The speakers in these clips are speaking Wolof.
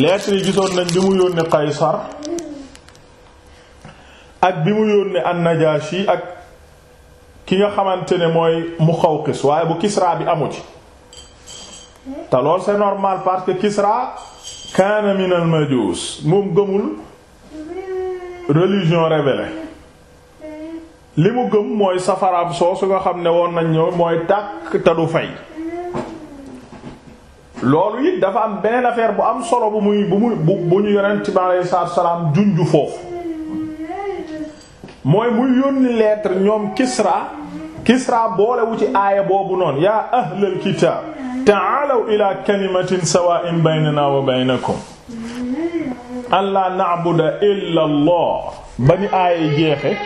lettre yi gisoon nañ bi mu yónnee Qaysar ak bi mu yónnee an yi ak ki nga xamante ne mooy Muqawqis waaye bu kisraa bi amu ci te loolu c'est normal parce que Kisra kaana min al-majus moom gëmul religion révélée li mu gëm mooy safaraam soosu nga xam ne woon nañ ñëw mooy tàkk te du fay loolu it dafa am beneen affaire bu am solo bu muy bu muy bu ñu yonent bi aleyhi salaam junju foofu mooy muy yónni lettre ñoom Kisra Kisra boolewu ci aaya boobu noonu yaa ahlal kitaab ta'aalaw ilaa kalimatin sawaa'in baynanaa wa baynakum allaa na'buda illaa Allah ba ni aaya jeexe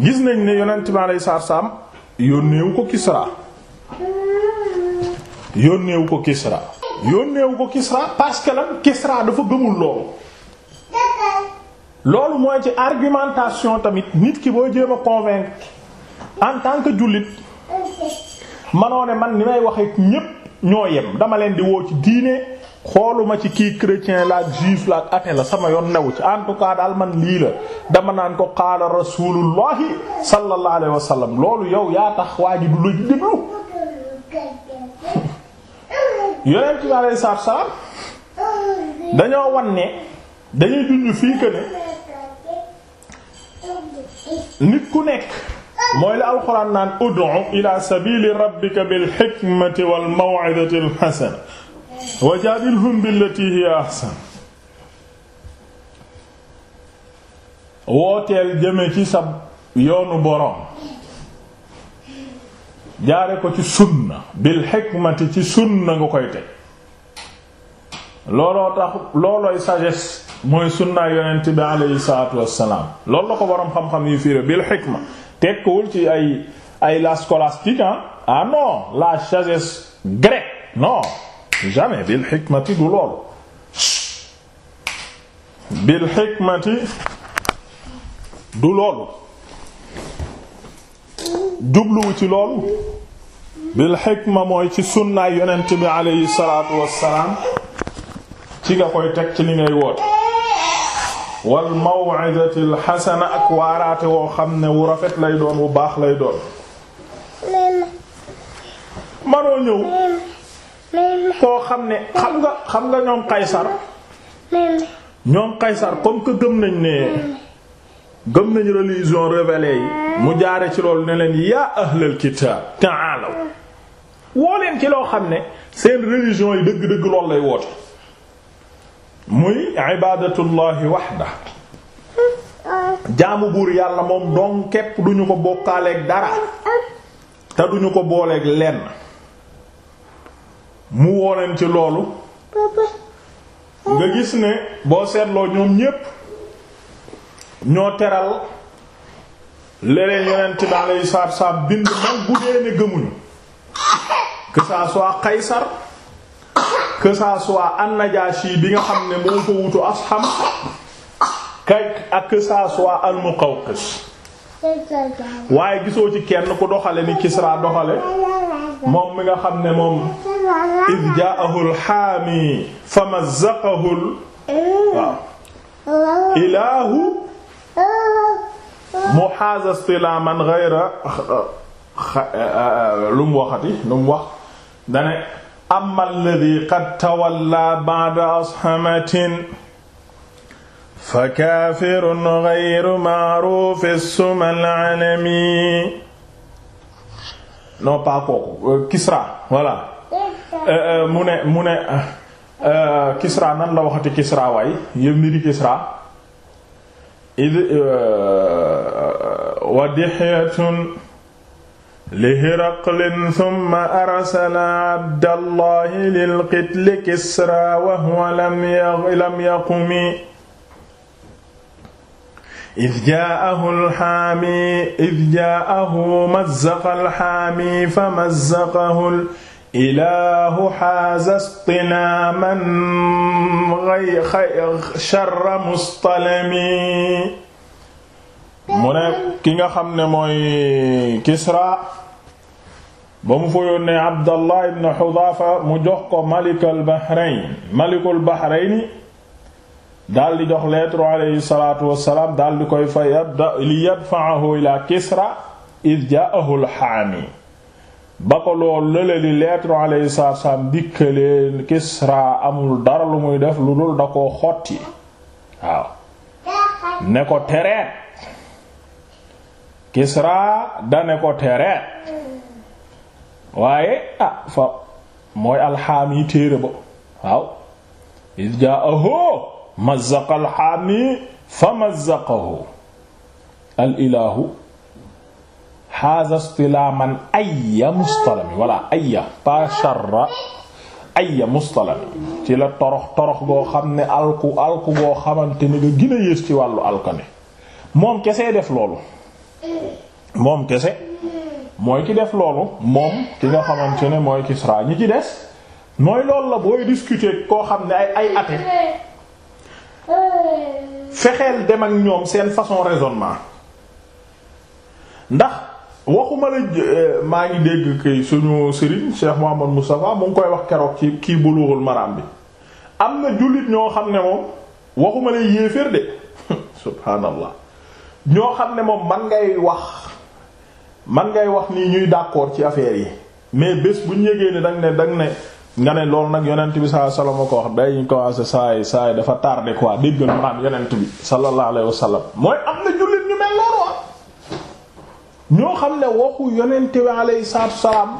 gis nañ ne yonent bi aleyhi salaam yónneewu ko Kisra yónneewu ko Kisra yónneewu ko parce que lan Kisra dafa gëmul loolu loolu mooy ci argumentation tamit nit ki boo jéem a convaincre en tant que jullit manoo ne man ni may waxee ñépp ñoo yem dama leen di woo ci diine xooluma ci kii chrétien la ak juif la ak athée la sama yoon newu ci en tout cas daal man lii la dama naan ko qaala rasulullahi sallallahu alayhi wa sallam loolu yow yaa tax waa ji du la yonent bi alayhi salaatu salaam dañoo wan ne dañuy junj fii que ku nekk mooy la alxuraan naan ud'u ila sabili rabbika bil hikmati wal maw'izati al ci sa yoonu boro jaare ko ci sunna bil xikmati ci sunna nga koy teg looloo tax loolooy sagesse mooy sunna yonent bi aleyhi salaatu wassalaam loolu la ko borom xam-xam yu fiire bil xikma tekkiwul ci ay ay la scolastique ah, ah non la sages grecque non jamais bil xikmati du loolu bil xikmati du loolu jubluwu ci loolu bil xikma mooy ci sunnaay yonent bi aleyhi salaatu wassalaam ci nga koy teg ci li ngay woote wal maw'izati al xasana ak waaraate woo xam ne wu rafet lay doon wu baax lay doon manoo ñëw koo xam ne xam nga xam nga ñoom Qaysar ñoom Qaysar comme que gëm nañ ne gëm nañ religion révélée yi mu jaare ci loolu ne leen yaa ahlal kitaab ta'aalaw woo leen ci loo xam ne seen religion yi dëgg-dëgg loolu lay woote muy ibaadatullahi waxda jaamu buur yàlla moom don képp duñu ko bokkaaleeg dara te duñu ko booleeg lenn mu woo leen ci loolu nga gis ne boo seetloo ñoom ñépp ñoo teral leneen yonent bi alayhi salaatu salaam bind man bu dee ne gëmuñu que ça soit Qaysar que ça bi nga xam ne moo ko wutu Asham kay ak que ça soit waaye gisoo ci kenn ku doxale ni Kisra doxale moom mi nga xam ne moom id jaahu alxaami fa mazzaqahu ilaahu muhaaz istilaman ghayra lu mu waxati lu mu wax dane amma alladhi qad tawalla ba'da ashamatin fa kaafirun ghayru ma'ruf as-sumal alami non pas kooku euh, Kisra voilà euh, euh, mu ne mu ne Kisra nan la waxati Kisra waay yëpp ni di Kisra id wa dixyatun li hiraqlin thumma arsala abdallahi lilqitli kisra wa huwa lam yaqumi id jaahu alxaami id jaahu mazzaqa alxaami fa mazzaqahu ilaahu xaasastina man xay xay sharra mustalami mu ne ki nga xam ne mooy Kisra ba mu fa yónnee Abdallah ibn Hudhafa mu jox ko Malikul Bahrayn Malikul Bahrayn daal di jox lettre alayhi salaatu wassalaam daal di koy fa yabda li yadfa'ahu ila Kisra iz jaa'ahu al-haami ba ko lool lële li lettre alayhi salaatu salaam dikkalee Kisra amul dara lu muy def lu dul da koo xotti waaw ne ko tereet Kisra da ne ko tereet waaye ah fa mooy alxaami téere ba waaw iz jaahu mazzaqa alxaami fa mazzaqahu al ilaahu haza istila man ayya mustalami wala ayya pa sharra ayya mustalami ci la torox torox goo xam ne alku alku goo xamante ni nga gën yées ci wàllu alkane moom kese def loolu moom kese mooy ki def loolu moom ki nga xamante ne mooy Kisra ñi ci des mooy loolu la booy discuter koo xam ne ay ay athée fexeel dem ak ñoom seen façon raisonnement ndax waxuma la euh, maa ngi dégg kay suñu Serigne Cheikh Mouhamadou Moustapha mu ngi koy wax keroog ci kii Bulughul Maram bi am na jullit ñoo xam ne moom waxuma la yéeféer de subhaanallah ñoo xam ne moom man ngay wax man ngay wax nii ñuy d'accord ci affaire yi mais bés bu ñu yégee ne danga ne danga ne nga ne loolu nag yonent bi sallallahu alayhi ko wax day ñu commencé saay saay dafa tardé quoi déggal maanaam yonent bi sallallahu alayhi wasallam mooy am na ñoo xam ne waxu yonente bi alayhi salaatu salaam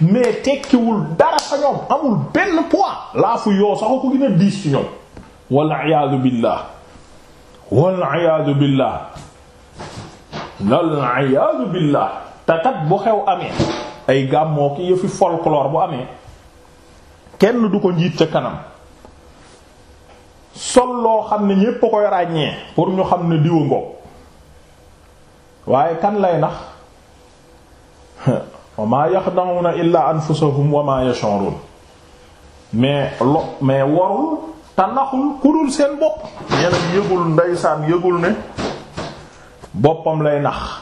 mais tekkiwul dara sa ñoom amul benn poids laa fu yoo sax ko gën a diis ci ñoom walla iyaadu billaah walla iyaadu billaah walla iyaadu billaah te bu xew amee ay gàmmoo ki yëfi folklore bu amee kenn du ko njiit ca kanam sol loo xam ne ñépp a ràññee pour ñu xam ne diwu ngoog waaye kan lay nax wa maa yaxda'una illaa anfusahum wa maa yash'urun mais lo mais warul te naxul ku dul seen bopp ñeneen yëgul ndeysaan yëgul ne boppam lay nax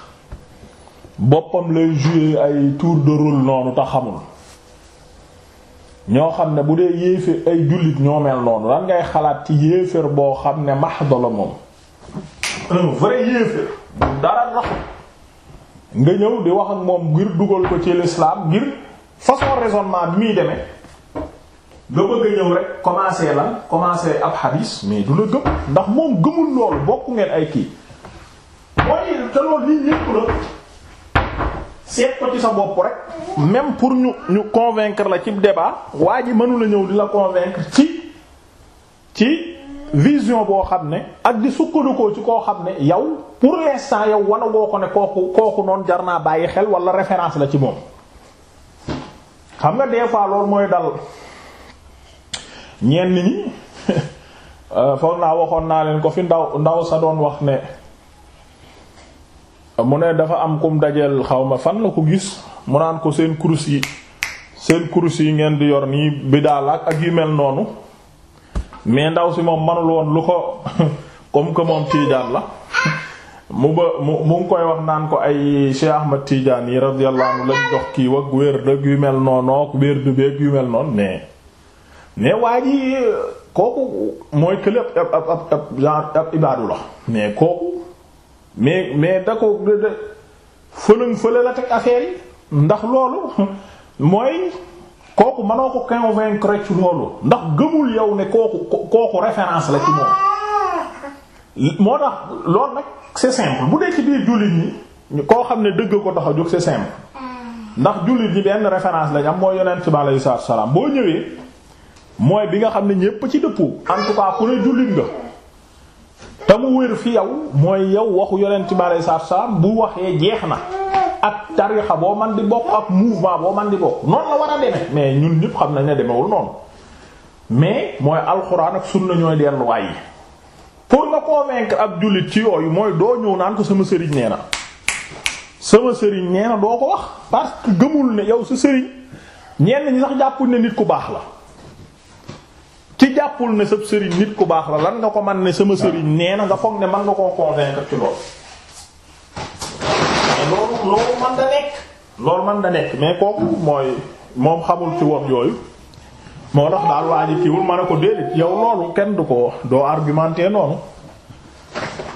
boppam lay jouer ay tour de rôle noonu te xamul ñoo xam ne bu dee yéeféer ay jullit ñoo mel noonu lan ngay xalaat ci yéeféer boo xam ne max dolo moom un vrai yéeféer dara naxul nga ñëw di wax ak moom ngir dugal ko ci l'islam ngir façon raisonnement bi muy demee nga bëgg a ñëw rek commencer la commencer ab hadis mais du la gëm ndax moom gëmul loolu bokk ngeen ay kii mooy te loolu lii lépp la seet ko ci sa bopp rek même pour ñu ñu convaincre la ci débat waa ji mënu la ñëw di la convaincre ci ci vision boo xam ne ak di sukkandikoo ci koo xam ne yow pour l'instant yow wana woo ko ne kooku kooku noonu jar naa bàyyi xel wala référence la ci moom xam nga des fois loolu mooy dal ñenn ni euh, foog naa waxoon naa leen ko fi ndaw ndaw sa doon wax ne mu ne dafa am kum dajeel xaw ma fan la ko gis mu naan ko seen kurus yi seen kurus yi ngeen di yor nii bi daal ak yu mel noonu mais ndaw si moom manul woon lu ko comme que moom tiijaan la mu ba mu mu ngi koy wax naan ko ay Cheikh Ahmad tiijaan yi radiyallahu anhu lañ jox kii wag wér dëgg yu mel noonu wér du yu mel noonu mais mais waa ji kooku mooy kële ab ab ab ab genre ab ibaadu la mais kooku mais mais da ko fëlën fële la teg affaire ndax loolu mooy kooku mënoo ko convaincre ci loolu ndax gëmul yow ne kooku kooku référence la ci moom moo tax loolu nag c'est simple bu dee ci biir jullit ñi koo xam ne dëgg ko tax a jóg c'est simple ndax jullit ñi benn référence lañ am mooy yonent bi aleyhi salaatu salaam boo ñëwee mooy bi nga xam ne ñépp ci dëppoo en tout cas ku ne jullit nga te mu wér fi yow mooy yow waxu yonent bi aleyhi sa salaam bu waxee jeex na ak tarixa boo man di bokk ak mouvement boo man di bokk noonu la war a demee mais ñun ñëpp xam nañ ne demewul noonu mais mooy alxuraan ak sunna ñooy delluwaay yi pour nga convaincre ak jullit ci yooyu mooy doo ñëw naan ko sama sëriñ nee na sama sëriñ nee na ko wax parce yow sa sëriñ ñenn ñi sax jàppul nit ku baax la ci jàppul ne sa sëriñ nit ku baax la lan nga ko man ne sama sëriñ ah. nee na nga foog ne man nga koo convaincre ci loolu loolu man da nekk loolu man da nekk mais kooku mooy moom xamul ci woon yooyu moo tax daal waa kiiwul ma ne ko déedéet yow loolu kenn du ko doo argumenter noonu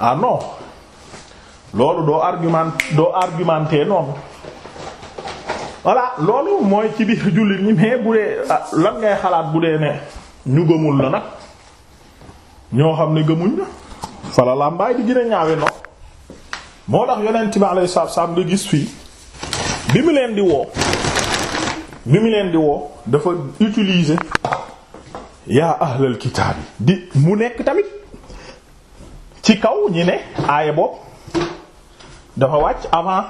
ah loolu doo argument doo argumenter noonu voilà loolu mooy ci biir jullit ñi mais bu dee ah, lan ngay xalaat bu dee ne ñu gëmul la nag ñoo xam ne gëmuñ na fala la mbaay di gën ñaawe no moo tax yonent bi alayhi salaatu salaam nga gis fii bi mu leen di woo bi mu leen di woo dafa utilise yaa ahlal kitaab yi di mu nekk tamit ci kaw ñi ne aaya bopp dafa wàcc avant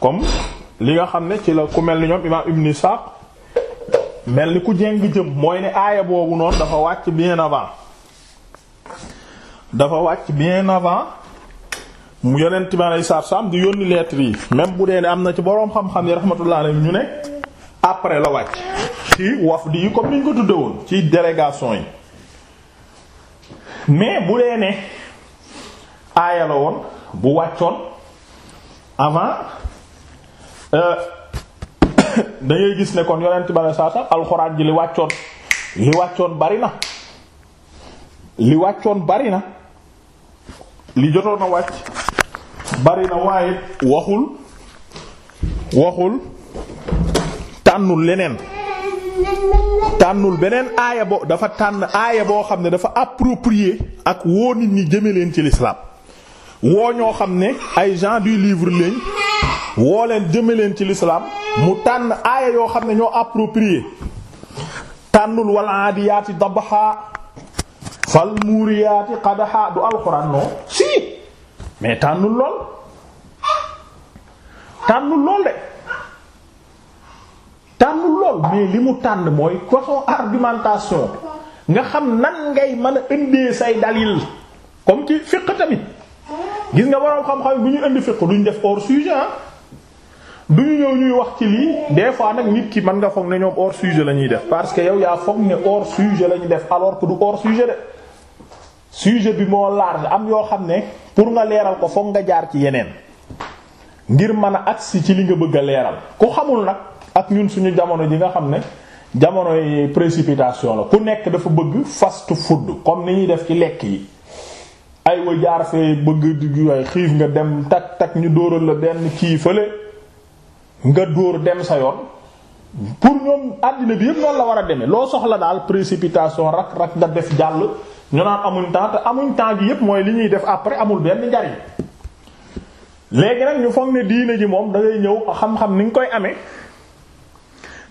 comme li nga xam ne ci la ku mel ni ñoom imaam ibn Isaaq mel ni ku jeng jëm mooy ne aaya boobu noonu dafa wàcc bien avant dafa wàcc bien avant mu yonent bi alayhi salaatu salaam di yónni lettres yi même bu dee ne am na ci boroom xam-xam yi rahmatullah alayhi ñu ne après la wàcc ci wafd yi comme ni ñu ko tudde woon ci délégation yi mais bu dee ne aaya la woon bu wàccoon avant euh, da gis ne kon yonent bi alayhi salaatu alxuraan ji li wàccoon li wàccoon bari na li wàccoon bari na li jotoon a wàcc barina na waaye waxul waxul tànnul leneen tànnul beneen aaya bo dafa tànn aaya boo xam ne dafa approprié ak woo nit ñi jëme leen ci l'islam woo ñoo xam ne ay gens du livre lañ woo leen jëme leen ci lislaam mu tànn aaya yoo xam ne ñoo approprié tànnul wal aadiyaati dabha fal muuriyaati qadaha du alxuraan mais tànnul lool tànnul lool de tànnul lool mais li mu tànn mooy façon argumentation nga xam nan ngay mën a indee say dalil comme ci fiqh tamit gis nga waroon xam-xam bu ñu indi fiqh duñu def hors sujet ah du ñu ñëw ñuy wax ci lii des fois nag nit ki man nga foog ne ñoom hors sujet la ñuy def parce que yow yaa foog ne hors sujet la ñuy def alors que du hors sujet de. sujet bi moo large am yoo xam ne pour nga leeral ko fokk nga jaar ci yeneen ngir mën a agsi ci li nga bëgg leeral ku xamul nag ak ñun suñu jamono ji nga xam ne jamonoy précipitation la ku nekk dafa bëgg fast food comme ni ñuy def ci lekk yi ay wa jaar fee bëgg di waay xiif nga dem tak tak ñu dóoral la benn kii fële nga dóor dem sa yoon pour ñoom àddina bi yëpp noonu la war a demee loo soxla daal précipitation rak rak nga def jàll ñu naan amuñ temps te amuñ temps yépp mooy li ñuy def après amul benn njariñ léegi nag ñu foog ne diine ji moom da ñëw xam-xam ni nga koy amee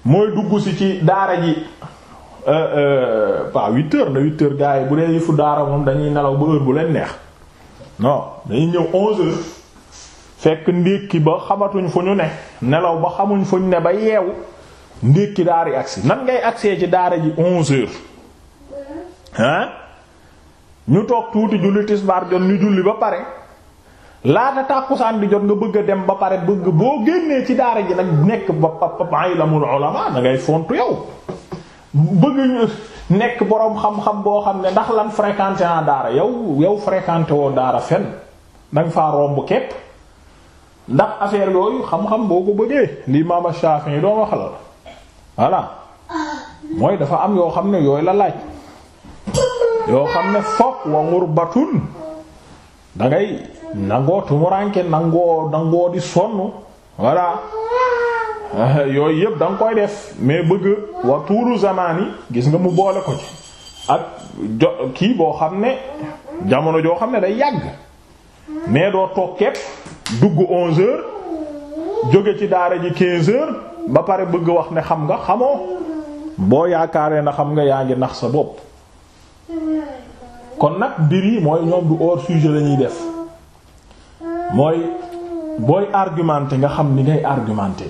mooy dugg si ci daara ji euh, euh, pas huit heures na huit heures gars yi bu dee yëfu daara moom dañuy nelaw ba heure bu leen neex non dañuy ñëw onze heures fekk ndékki ba xamatuñ fu ñu ne nelaw ba xamuñ fu ñu ne ba yeewu ndékki daari agsi nan ngay agsee ci daara ji onze heures hein ñu toog tuuti julli tisbaar jot ñu julli ba pare laa laata tàkkusaan di jot nga bëgg a dem ba pare bëgg boo génnee ci daara ji nag nekk ba ay lamul ulama may ngay fontu yow bëgg ñu nekk boo xam ne ndax lan fréquenté daara yow yow fréquenté woo daara fenn danga faa romb képp ndax affaire yooyu xam-xam boo ko bëggee li Imaam Shafi'i wax la voilà mooy dafa am yoo xam ne yooyu la laaj yoo xam ne fokk wa ngurbatun da ngay nangoo tumuranke nangoo nangoo di sonn voilà yooyu yëpp da nga koy def mais bëgg wa tuuru zamaan gis nga mu boole ko ci ak jo kii boo xam ne jamono joo xam ne day yàgg mais doo toog kepp dugg onze heures jóge ci daara ji quinze heures ba pare bëgg wax ne xam nga xamoo boo yaakaaree na xam nga yaa ngi nax sa bopp kon nag biir yi mooy ñoom du hors sujet lañuy def mooy booy argumenter nga xam ni ngay argumenter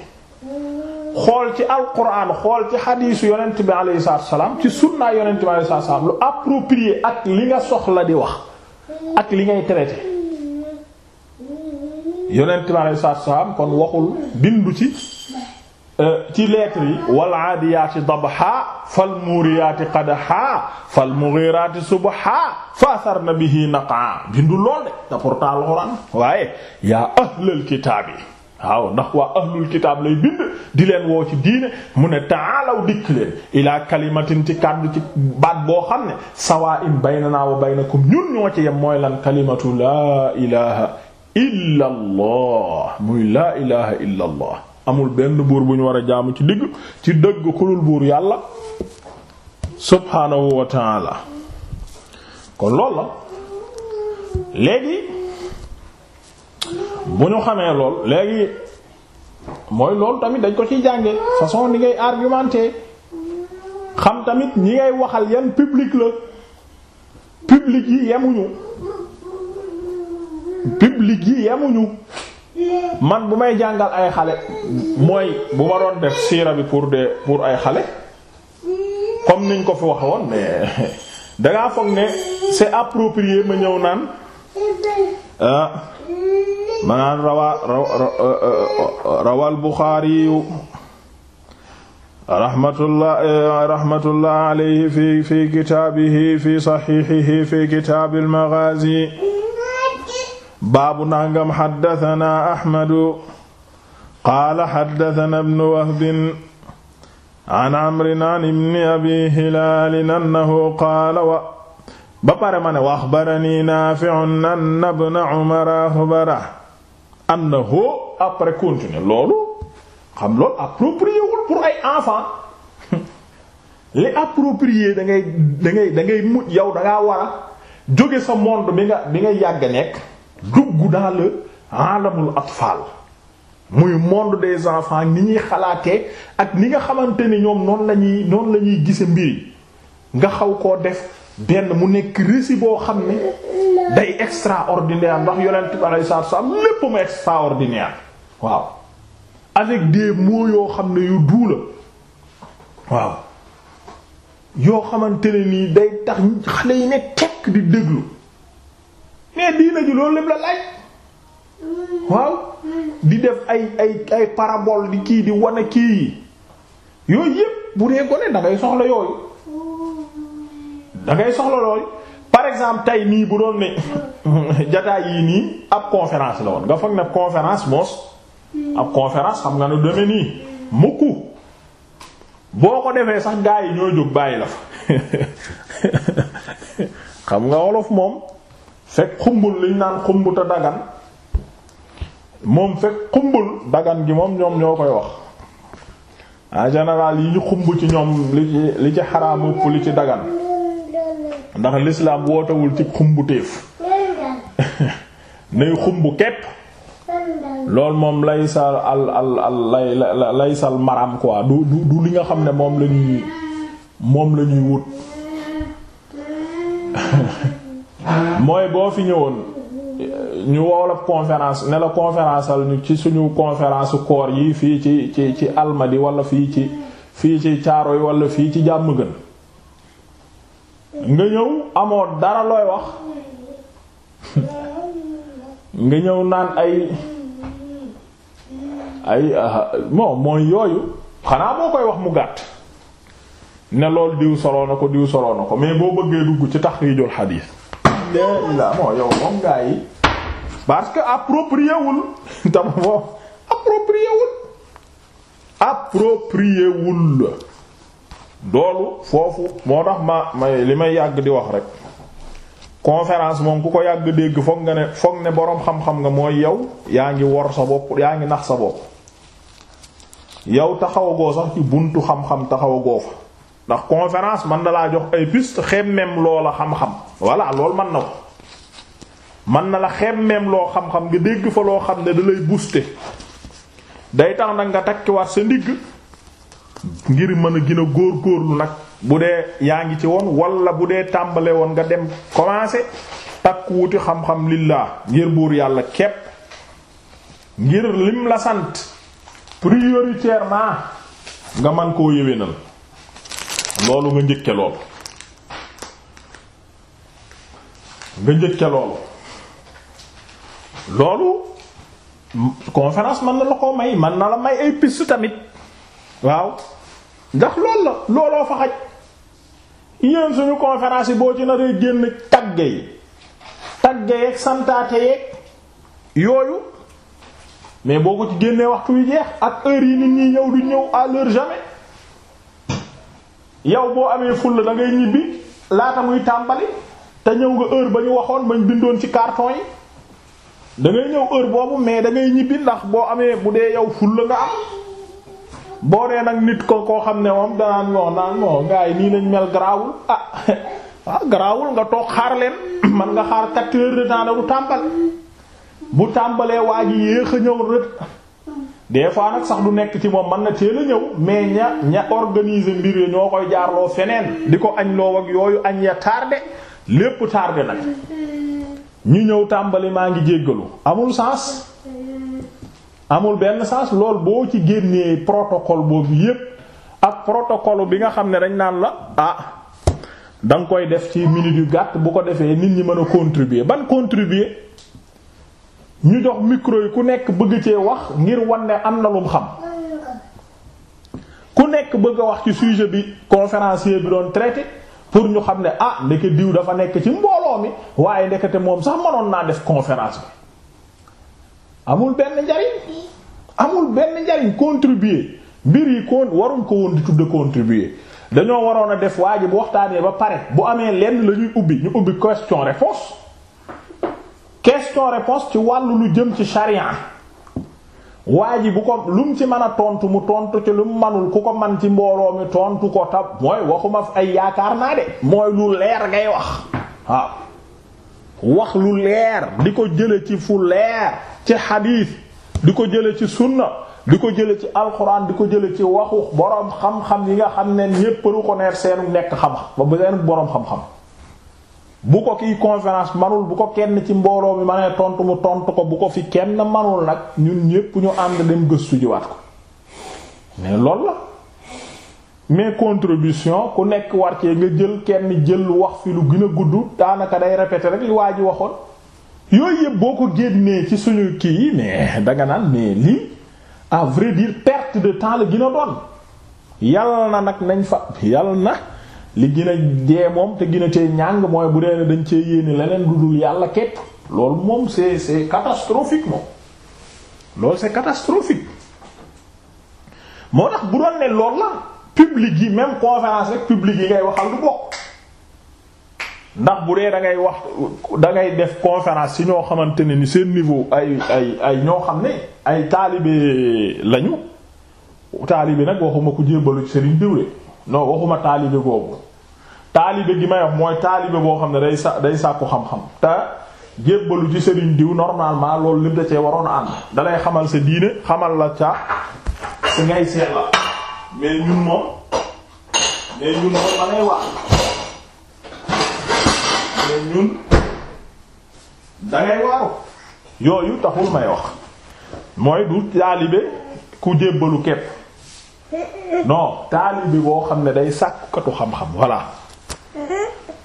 xool ci alquran xool ci xadiisu yonent bi alayhi salaatu salaam ci sunnaa yonent bi alayhi salaatu salaam lu approprié ak li nga soxla di wax ak li ngay traiter yonent bi alayhi salaatu salaam kon waxul bindu ci Euh, ci lettre yi wal aadiyaati dabha fal muuriyaati qadha fal mughiraati subha fa atharna bihi naqa bindu lool de te pourtant alxuraan waaye yaa ahlal kitaabi waaw ndax waa ahlul kitaab lay bind di leen woo ci diine mu ne taalaw dikk leen ilaa kalimatin ci kàddu ci baat boo xam ne sawaa'in baynanaa wa baynakum ñun ñoo ci yem mooy lan kalimatu laa ilaha illa allah muy laa ilaha illa allah amul benn buur bu ñu war a jaamu ci digg ci dëgg ku dul buur yàlla subhaanahu wa taala kon loolu la léegi bu ñu xamee lool léegi mooy loolu tamit dañ ko ciy jànge façon ni ngay argumenter xam tamit ñi ngay waxal yenn public la public yi yemuñu public yi yemuñu man bu may jàngal ay xale mooy bu ma doon def siira bi pour de pour ay xale comme niñ ko fi waxe woon mais dangaa foog ne c'est approprié ma ñëw naan ah, ma naan rawaa rawal Buxaari yu rahmatullah rahmatullah alayhi fi fi kitaabihi fi saxiixihi fi kitaabil maghaazi baabu nagam xaddatana ahmadu qaala xaddatana bnu wahbin an amrin an ibni abi hilaalin annahu qaala ba pare ma ne wa axbarani naafi'un anna ibna umara axbara annahu après continuer pour ay enfant li approprié da ngay mujj yow dangaa war a sa monde bi nga bi nga yàgg nekk dugg dans le alamul atfal muy monde des enfants ni ñuy xalaatee ak ni nga xamante ni ñoom noonu la ñuy lañuy la ñuy gise mbiri nga xaw koo def benn mu nekk récit boo xam ne day extraordinaire ndax yonent bi alayhi salaatu salaam lépp mu extraordinaire waaw avec des mots yoo xam ne yu duula waaw yoo xamante ne nii day tax xale yi ne tekk di déglu mais diina ji loolu lépp la laaj waaw di def ay ay ay parabole di kii di wane kii yi yooyu yépp bu dee gone da soxla yooyu da ngay soxla yooyu par exemple tey nii bu doon ne jataay yii nii ab conférence la woon nga foog ne conférence moos ab conférence xam nga ne demee nii mukk boo ko defee sax gaa yi ñoo jóg bàyyi la fa xam nga wolof moom. fekk xumbul liñ naan xumb te moom fekk xumbul dagan gi moom ñoom ñoo koy wax en général yi ñu xumb ci ñoom li ci li ci li ci dagan ndax lislaam wootewul ci xumbuteef nay xumb kepp loolu moom lay sal al al al lay lay sal maram quoi du du li nga xam ne moom la moom la ñuy wut mooy boo fi ñëwoon ñu woo la conférence ne la conférence al ci suñu conférence koor yi fii ci ci ci almadi wala fii ci fii ci caaro yi walla fii ci jàmm gën nga ñëw amoon dara looy wax nga ñëw naan ay ay ah, bon mooy yooyu xanaa boo koy wax mu gàtt ne lool diw soloo na ko diw soloo na ko mais boo bëggee dugg ci taxrijul xadiis la parce que approprié wul tam moom approprié wul approprié foofu moo tax ma may li may yàgg di wax rek conférence moom ku ko yàgg dégg foog nga ne foog ne boroom xam-xam nga mooy yow yaa ngi wor sa bopp yaa ngi nax sa bopp yow taxawagoo sax ci buntu xam-xam taxawagoo fa ndax conférence mën na laa jox ay piste xemmem loola xam-xam voilà loolu mën na ko man na la xemmem loo xam-xam nga dégg fa loo xam ne da lay booster day tax nag nga takkiwaat sa ndigg ngir mën a gën a góorgóorlu nag bu dee yaa ngi ci woon wala bu dee tàmbale woon nga dem commencer takk wuti xam-xam lillaa ngir buur yàlla kepp ngir lim la sant prioritairement nga man koo yéwénal loolu nga njëkke loolu nga njëkke loolu loolu conférence man na la koo may man na la may ay piste tamit waaw ndax loolu la looloo fa xaj yéen suñu conférence yi boo ci naree génn tagge yi tagge yeeg santaate yeeg yooyu mais boo ko ci génnee waxtu yu jeex ak heure yi nit ñi ñëw du ñëw à l'heure jamais yow boo amee fulla da ngay ñibbi laata muy tàmbali te ñëw nga heure ba ñu waxoon mañ bindoon ci carton yi dangay ñëw heure boobu mais dangay ngay ñibbi ndax boo amee bu dee yow fulla nga am boo dee nag nit ko koo xam ne moom danaan moo naan moo gars yi nii lañ mel garaawul ah, ah garaawul nga toog xaar leen man nga xaar quatre heures de temps bu tàmbal bu tàmbalee waa ji yéex a ñëw rek des fois nag sax du nekk ci moom mën na teel a ñëw mais ña ña organiser mbir yi ñoo koy jaarloo feneen di ko añ loo ak yooyu añ ya tardé lépp tardé nag ñu ñëw tàmbali maa ngi jéggalu amul sens amul benn sens lool boo ci génnee protocole boobu yépp ak protocole bi nga xam ne dañ naan la ah da koy def ci minute yu gàtt bu ko defee nit ñi mën a contribuer ban contribuer. ñu jox micro yi ku nekk bëgg cee wax ngir wan ne am na lum xam ku nekk bëgg a wax ci sujet bi conférencier bi doon traité pour ñu xam ne ah ndeke diw dafa nekk ci mbooloo mi waaye ndekete moom sax mënoon naa def conférence bi amul benn njariñ amul benn njariñ contribuer mbir yi kon waruñ ko woon di tudde contribuer dañoo waroon a def waa ji bu waxtaanee ba pare bu amee lenn la ñuy ubbi ñu ubbi question réponse question réponse ci wàll lu jëm ci sharia waa ji bu ko lu mu ci mën a tontu mu tontu ci lu mu manul ku ko man ci mbooloo mi tontu ko tab mooy waxuma ay yaakaar naa de mooy lu leer ngay wax waaw wax lu leer di ko jële ci fu leer ci xadiis di ko jële ci sunna di ko jële ci alxuraan di ko jële ci waxu boroom xam-xam yi nga xam ne ñépp reconnaître seenu nekk xam-xam ba bu seen boroom xam-xam bu ko kiy conférence manul bu ko kenn ci mbooloo bi ma ne tontu mu tontu ko bu ko fi kenn manul nag ñun ñépp ñu ànd dem gëstu jiwaat ko mais lool la mais contribution ku nekk war cee nga jël kenn jël wax fi lu gën a gudd daanaka day répéter rek li waa ji waxoon yooyu yëpp boo ko génnee ci suñu kii yi mais danga naan mais lii à vrai dire perte de temps la gën a doon yàlla na nag nañ fa yàlla na. li gën jee moom te gina a cee ñàng mooy bu dee dañ cee yéene leneen lu dul yàlla képp lool moom c'est c'est catastrophique moom loolu c'est catastrophique moo tax bu doon ne loolu la public yi même conférence rek public yi ngay waxal du bokk ndax bu dee da ngay wax dangay def conférence ci ñoo xamante ne ni seen niveau ay ay ay ñoo xam ne ay taalibe lañu taalibe nag waxuma ku jébbalu ci Serigne diwle non waxuma taalibe googu taalibe gi may wax mooy taalibe boo xam ne day sa day sàkku xam-xam te jébbalu ci sëriñ diw normalement loolu lim da cee waroon a ànd dalay xamal sa diine xamal la ca si ngay seet la mais ñun moom mais ñun moom ma lay wax dangay waaru yooyu taxul may wax mooy du taalibe ku jébbalu kepp non taalibe boo xam ne day sàkkukatu xam-xam voilà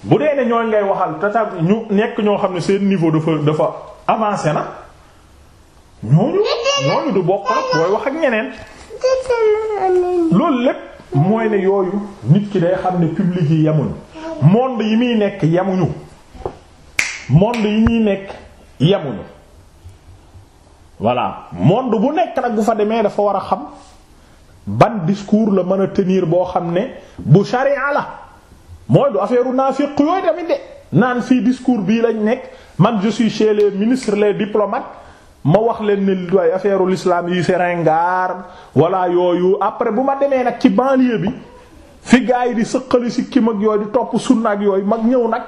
bu dee ne ñooñ ngay waxal tata ñu nekk ñoo xam ne seen niveau dafa dafa avancé na ñooñu ñooñu du bokk ak booy wax ak ñeneen loolu lépp mooy ne yooyu nit ki day xam ne public yi yemuñu monde yi muy nekk yemuñu monde yi muy nekk yemuñu voilà monde bu nekk nag bu fa demee dafa war a xam ban discours la mën a tenir boo xam ne bu charia la mooy du affaire naafiq yooyu tamit de naan fii discours bii lañ nekk man je suis chez les ministres les diplomates ma wax leen ne waaye affaire l'islam yi c'est ringard walla yooyu après bu ma demee nag ci banlieue bi fi gars yi di sëqali si kim ak yooyu di topp sunna yooyu mag ñëw nag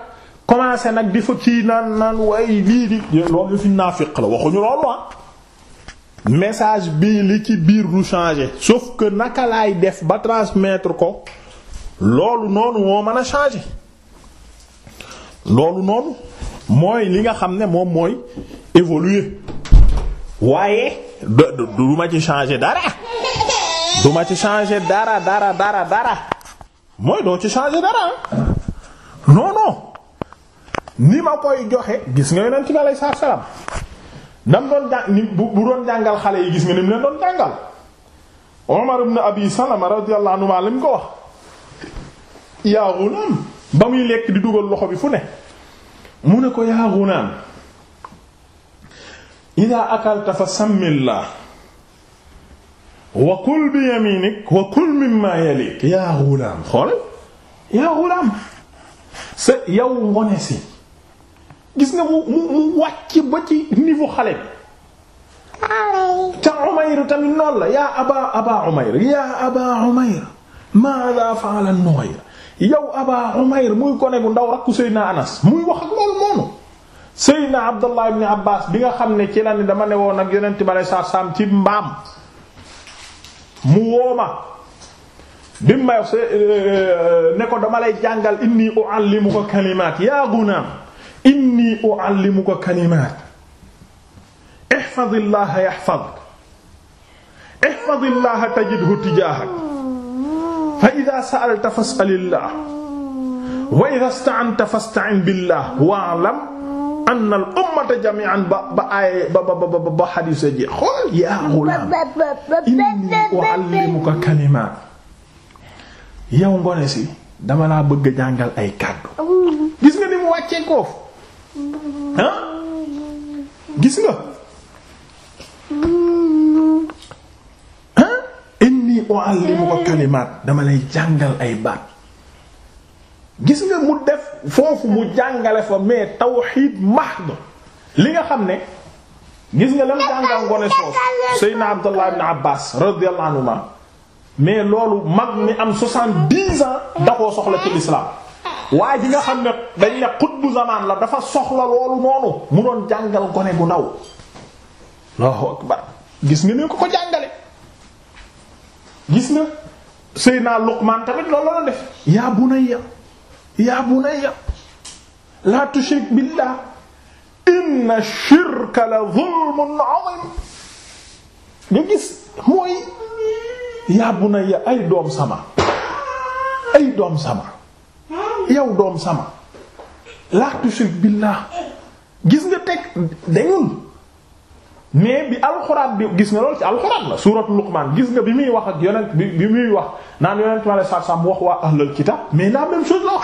commencé nag di fa kii naan naan way lii di loolu fi naafiq la waxuñu loolu ah message bii li ci biir du changer sauf que naka laay def ba transmettre ko loolu noonu moo mën a changer loolu noonu mooy li nga xam ne moom mooy évoluer waaye du ma ci changer dara duma ci changer dara dara dara dara mooy doo ci changer dara non non ni ma koy joxe gis nga yonent bi alayhi salaam nam doon bu doon jàngal xale yi gis nga ni mu leen doon jàngal Umar ibn Abi Salama radiyallahu anhu maa lim ko wax yaa ghulam ba muy lekk di dugal loxo bi fu ne mu ne ko yaa ghulam ida akalta fa sammillah wa kul bi yaminik wa kul mimma yalik yaa ghulam xool yaa ghulam sa yow ngone si gis nga mu mu wàcc ba ci niveau xale bi ta Umayr tamit noonu la yaa aba aba Umayr yaa aba Umayr maada fa'ala Nughayr yow Aba Umayr muy gone bu ndaw rakku Seydina Anas muy wax ak loolu moonu Seydina Abdullah ibn bi nga xam ne ci la ne dama ne woon ak yonent bi aleyhi salaatu salaam ci mbaam mu wooma bim ma eh, eh, ne ko dama lay jàngal inni uallimuka kalimaat yaa gunaam inni uallimuka kalimaat ihfadillah yahfazuk ihfadillaha tajidhu tijaahak fa ida sa'alta fas'alillah wa ida sta'anta fasta'in billah wa'lam anna al ummata jami'an ba ba ay ba ba ba ba xadiis a jeex yaa yow ngone si dama laa bëgg a jàngal ay kàddu gis nga ni mu wàccee koofu gis nga li u'allimuka kalimaat dama lay jàngal ay baat gis nga mu def foofu mu jàngale fa mais tawxiid mahd li nga xam ne gis nga lam jàngal ngone soof Seydina Abdallah ibn Abbas radiyallahu anhuma mais loolu mag mi am soixante-dix ans soxla ci l'islam waaye ji nga xam ne dañ ne xutbu zamaan la dafa soxla loolu noonu mu doon jàngal gone gu ndaw Allahu akbar gis nga ne ko ko jàngale gis na Seydina Luqman tamit loolu la def yaa bunayya yaa bunayya laa tushrik billah inna shirka la zulmun azim nga gis mooy yaa bunayya ay doom sama ay doom sama yow doom sama laa tushrik billah gis nga teg dañul mais bi alxuraan bi gis nga loolu ci alxuraan la suuratu Luqmaan gis nga bi muy wax ak yonent bi bi muy wax naan yonent ma la saa saa mu wax waa ahlal kitaab mais la même chose la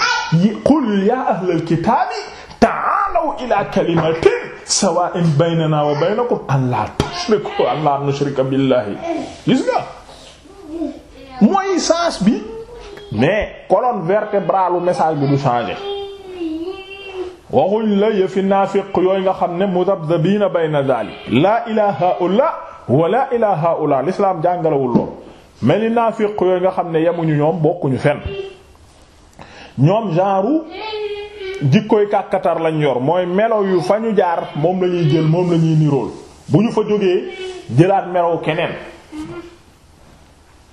qul yaa ahlal kitaabi ta'aalaw ilaa kalimatin sawaa'in baynanaa wa baynakum allaa tushriku allaa nushrika billaahi gis nga mooy sens bi mais colonne vertébrale message bi du changer. waxuñ la yëfi naafiq yooyu nga xam ne mudabdabiina bayna daalik laa ilaa haula wala ilaa haula lislaam jàngalawul lool mais li naafiq yooyu nga xam ne yemuñu ñoom bokkuñu fen ñoom genre jikkooy kàkkatar lañu yor mooy melo yu fa ñu jaar moom lañuy ñuy jël moom la ñuy nirool bu ñu fa jógee jëlaat melaw keneen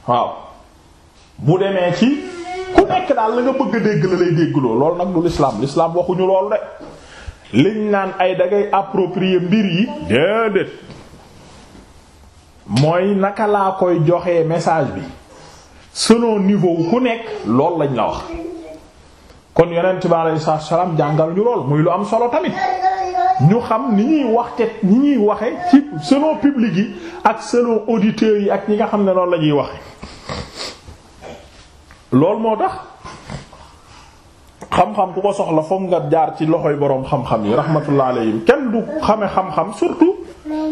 waaw bu demee ci ku nekk daal la nga bëgg a dégg la lay déggloo loolu nag du l'islam l'islam waxuñu lool de liñ naan ay dangay approprier mbir yi déedéet mooy naka laa koy joxe message bi selon niveau ku nekk loolu lañ la wax kon yeneen bi alayhi salaatu salaam jàngal ñu lool muy lu am solo tamit ñu xam ni ñuy wax waxte ni ñuy waxe ci selon public yi ak selon auditeurs yi ak ñi nga xam ne loolu la ñuy waxe loolu moo tax xam-xam ku ko soxla foog nga jaar ci loxoy boroom xam-xam yi rahmatullah alayhim kenn du xame xam-xam surtout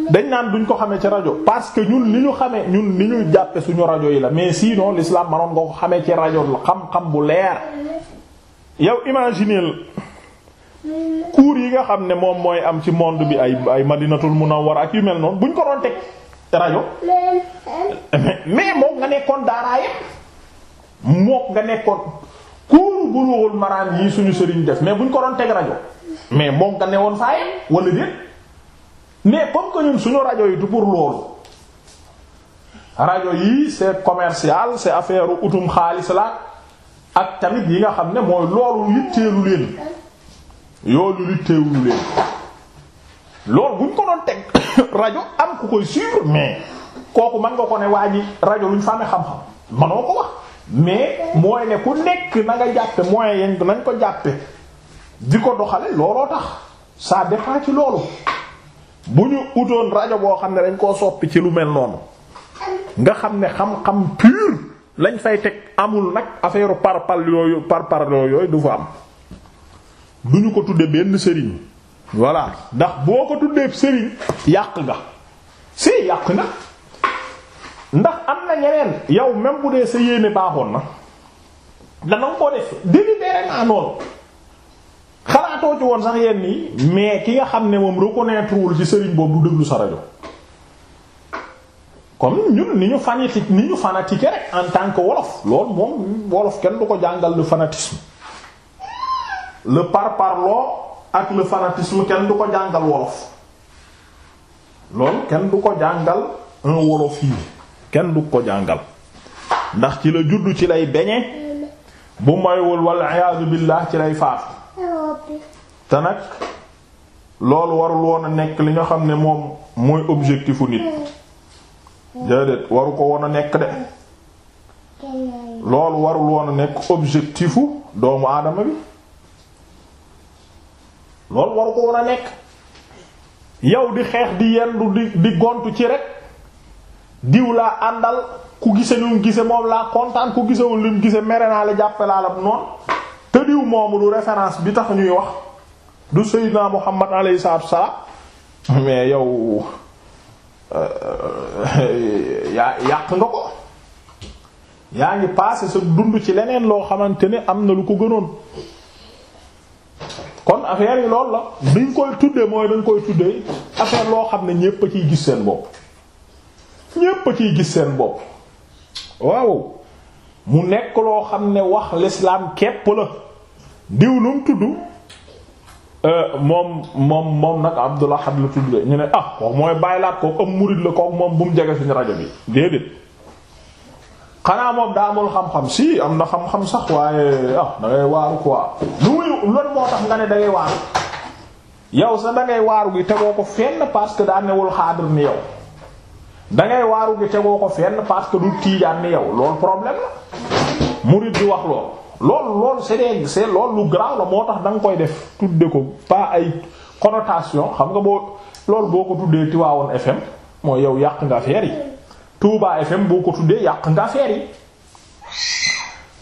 dañ naan duñ ko xamee ci rajo parce que ñun li xamee ñun li ñuy jàppe suñu rajo yi la mais sinon l'islam manoon nga xamee ci rajo la xam-xam bu leer yow imagineel cours yi nga xam ne moom mooy am ci monde bi ay ay madinatul war ak yu mel noonu buñ ko doon teg rajo mais moom nga nekkoon daaraayam mook nga nekkoon kuur bulughul maraan yii suñu sëriñ def mais buñ ko doon teg rajo mais mook nga ne woon faaye wala déet mais suñu rajo yi du pour loolu rajo yi c'est commercial c'est affaire utum xaalis la tamit yi nga xam ne mooy loolu yitteelu leen yoolu yitteelu am ku koy kooku mën nga ko ne waa ji rajo luñ fa amee xam-xam manoo ko wax mais mooy ne ku nekk na nga jàppe moyens yen nañ ko jàppe di ko doxale looloo tax saa dépend ci loolu bu ñu utoon rajo boo xam ne dañ koo soppi ci lu mel noonu nga xam ne xam-xam pur lañ fay teg amul nag affaire parpal yooyu parpal yooyu du fa am du ñu ko tudde benn sëriñ voilà ndax boo ko tuddee sëriñ yàq nga si yàq nga ndax am na ñeneen yow même bu dee sa yéene baaxoon na dana ko def délibérément noonu xalaatoo ci woon sax yenn yi mais ki nga xam ne moom reconnaître wul ci sëriñ boobu du déglu sa rajo comme ñun ni ñu fanatique ni ñu fanatique rek en tant que wolof loolu moom wolof kenn du ko jàngal le fanatisme le parparloo ak le fanatisme kenn du ko jàngal wolof loolu kenn du ko jàngal un wolof yi kenn du ko jàngal ndax ci la juddu ci lay beñe bu moywul walla iyaatu billaah ci lay faatu te nag loolu warul woon a nekk li nga xam ne moom mooy objectifu nit déedéet waru ko woon a nekk de loolu warul woon a nekk objectifu doomu aadama bi loolu waru ko woon a nekk yow di xeex di yendu di di gontu ci rek diw laa àndal ku gise nu mu gise moom laa kontaan ku gisewul lu mu gise mere naa la jàppe laa la noonu te diw moomu du référence bi tax ñuy wax du Seydina Muhammad alayhi salaatu wassalaam mais yow euh, yaa yàq nga ko yaa ngi passé sa dund ci leneen loo xamante ni am na lu ko gënoon kon affaire yi loolu la duñ koy tuddee mooy dañ koy tuddee affaire loo xam ne ñépp a ciy gis seen bopp ñépp a ciy gis seen bopp waaw mu nekk loo xam ne wax l'islam képp la diw lu mu tudd euh, moom moom moom nag Abdullah Hadj la tudd ñu ne ah kooku mooy bàyyi laat kooku am murid la kooku moom bu mu jege suñu rajo bi déedéet. xanaa moom daa amul xam-xam si am na xam-xam sax waaye ah da ngay waaru quoi lu muy loolu moo tax nga ne da waaru yow sax da ngay waaru gi tegoo ko fenn parce que daa newul xaadir ni yow. da ngay waaru gi tegoo ko fenn parce que du tiijaan ni yow loolu problème la murid bi wax lool loolu loolu c'est c'est loolu lu grave la moo tax danga koy def tudde ko pas ay connotation xam nga boo loolu boo ko tuddee Tivaouane FM mooy yow yàq nga affaire yi Touba FM boo ko tuddee yàq nga affaire yi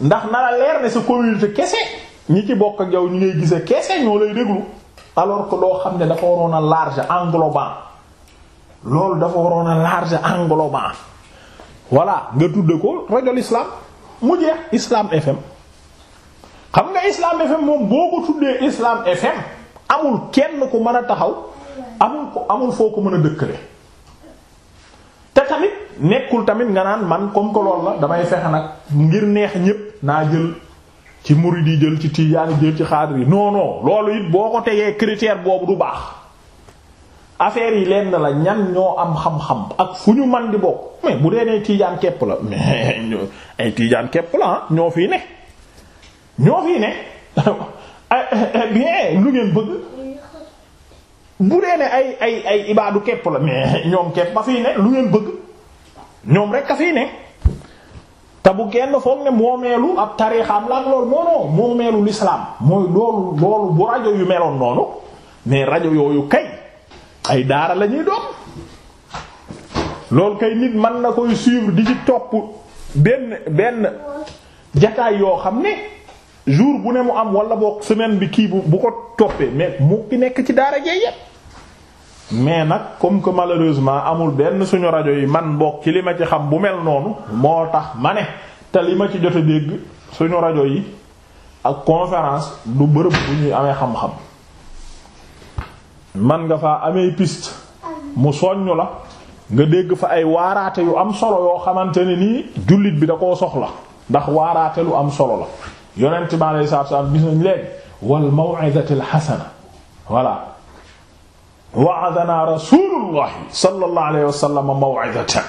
ndax na la leer ne sa communauté kese ñi ci bokk ak ñi ñu ngay gise kese ñoo lay déglu alors que loo xam ne dafa waroon a large englobant loolu dafa waroon a large englobant voilà nga tudd ko rajo l'islam mu jeex islam fm xam nga islam fm moom boo ko tuddee islam fm amul kenn ku mën a taxaw amul ko amul foo ko mën a dëkkale te tamit nekkul tamit nga naan man comme que loolu la damay fexe nag ngir neex ñépp naa jël ci murid yi jël ci tiijaan yi jël ci xaadir yi non non loolu it boo ko tegee critère boobu du baax affaire yi lenn la ñan ñoo am xam-xam ak fu ñu man di bokk mais bu dee ne la ay ñoo fii ne ñoo ne bien eh, eh, lu ngeen ay ibaadu kepp la mais ñoom kepp ba fii ne lu ngeen bëgg ñoom rek a fii ne te bu genn foog ne moomeelu ab tariixam la ak loolu noonu moomeelu l'islam mooy loolu loolu bu rajo yu meloon noonu mais rajo yooyu kay ay daara lañuy ñuy doon loolu kay nit mën na koy suivre di ci topp benn benn jataay yoo xam ne jour bu ne mu am wala boog semaine bi kii bu bu ko toppee mais mu ki nekk ci daara jee mais nag comme que malheureusement amul benn suñu rajo yi man bokk ci li ma ci xam bu mel noonu moo tax ma ne te li ma ci jot a dégg suñu rajo yi ak conférence du bërëb bu ñuy amee xam-xam man nga faa amee piste mu soññu la nga dégg fa ay waaraate yu am solo yoo xamante ne nii jullit bi da koo soxla ndax waaraate lu am solo la yonent bi alayhi salaatu salaam gis nañ léegi wal maw'izati al hasana voilà wa'adana rasulullahi sallallahu alayhi wa sallam maw'izatan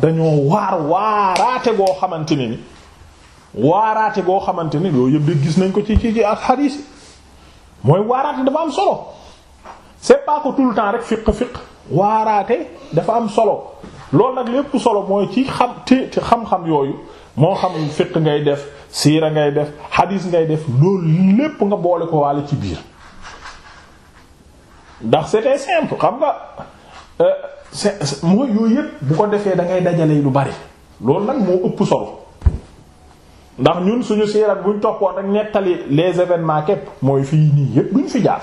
dañoo waar waaraate goo xamante ne ni waaraate goo xamante ni yooyu yëpp de gis nañ ko ci ci ak xadiis mooy waaraate dafa am solo c'est pas que tout temps rek fiq fiq waaraate dafa am solo loolu nag lépp solo mooy ci xam te xam-xam yooyu moo xam fiq ngay def siira ngay def hadis ngay def loolu lépp nga boole ko waale ci biir ndax c'était simple xam nga euh, c'est mooy yooyu yépp bu ko defee da ngay dajale lu bari loolu nag moo ëpp solo ndax ñun suñu siirat buñ toppoon rek nettali les événements képp mooy fii nii yépp duñ fi jaar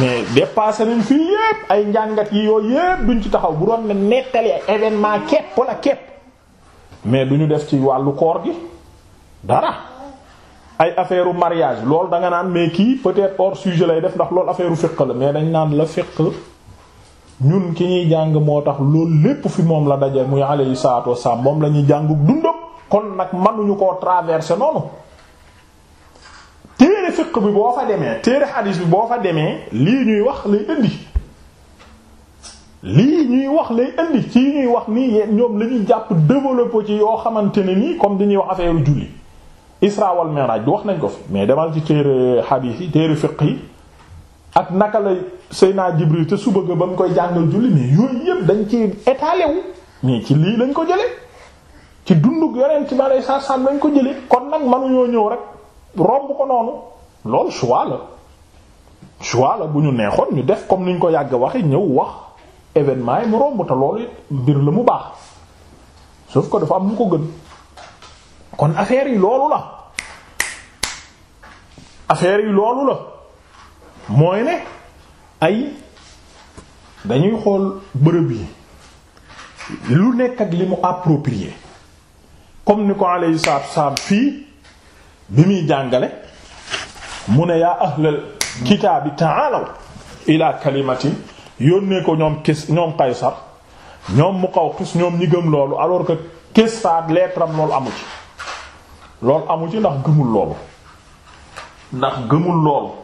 mais dépassé nañ fii yépp ay njàngat yi yooyu yépp duñ ci taxaw bu doon ne nettali ay événement képp la képp mais duñu def ci wàllu koor gi dara ay affaire u lool loolu da nga naan mais kii peut-être hors sujet lay def ndax loolu affaire u la mais dañ naan la fiqh ñun ki ñuy jàng moo tax loolu lépp fi moom la daje muy alayhi saato wasalaam moom la ñuy jàngu dundam kon nag mënuñu koo traverser noonu téere fiq bi boo fa demee téere xadiis bi boo fa demee lii ñuy wax lay indi lii ñuy wax lay indi ci ñuy wax nii ñoom la ñuy jàpp développer ci yoo xamante ne nii comme dañuy wax affaire julli isra wal mi'raj du wax nañ ko fi mais demal ci téere xadiis yi téere fiq yi ak naka la Seyna Jibril ci suba ga ba mu koy jàngal julli mais yooyu yëpp dañ ci étalé wu mais ci lii lañ ko jële ci dundug yonent bi aleyhi salaatu salaam nañ ko jëlee kon nag mënuñoo ñëw rek romb ko noonu lool choix la choix la bu ñu neexoon ñu def comme ni ñu ko yàgg waxee ñëw wax événement yi mu romb te loolu mbir la mu baax sauf ko dafa am mu ko gën kon affaire yi loolu la affaire yi loolu la mooy ne ay dañuy xool bërëb yi lu nekk ak li mu approprié comme ni ko alayhi salaatu wassalaam fii bi muy jàngale mu ne yaa ahlal kitaabi ta'aalaw ilaa kalimatin yónnee ko ñoom kis ñoom Qaysar ñoom Muqawqis ñoom ñi gëm loolu alors que Kisra lettre am loolu amu ci loolu amu ci ndax gëmul loolu ndax gëmul loolu